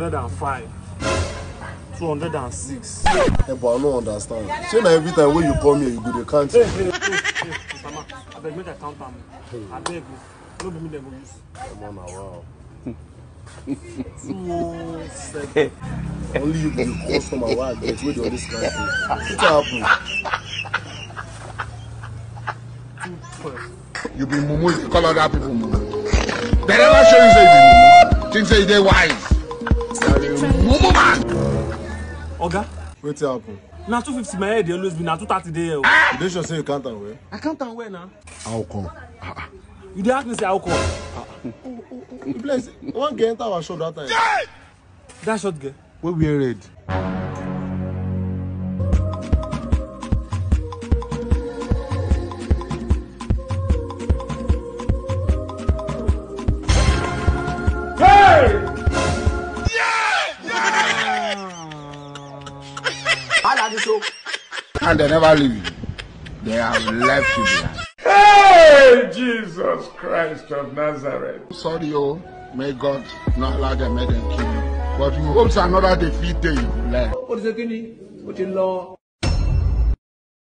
hundred and five two hundred and six. ẹ eh, i don't understand ṣé na every time when you come here you go dey count. hey hey hey hey mama abeg make i count am abeg no be me dem go use. omo na wow. two only you be the customer wey i get wey dey always count me wetin happen. you be mumu you call other people mumu. They never show you say you be mumu think say you dey wise. oga wetin happen. na 250 my head dey always be na 230 dey here oh ah! you dey sure say you count am well i count am well na how come ah, ah. you dey ask me say how come you bless one girl enter our shop that time that short girl wey wear red And they never leave you. They have left you behind. Hey, Jesus Christ of Nazareth. Sorry, oh, may God not allow them, may them kill you. But you hope another defeat day you will learn. What is it, Kenny? What Ó ti lọ.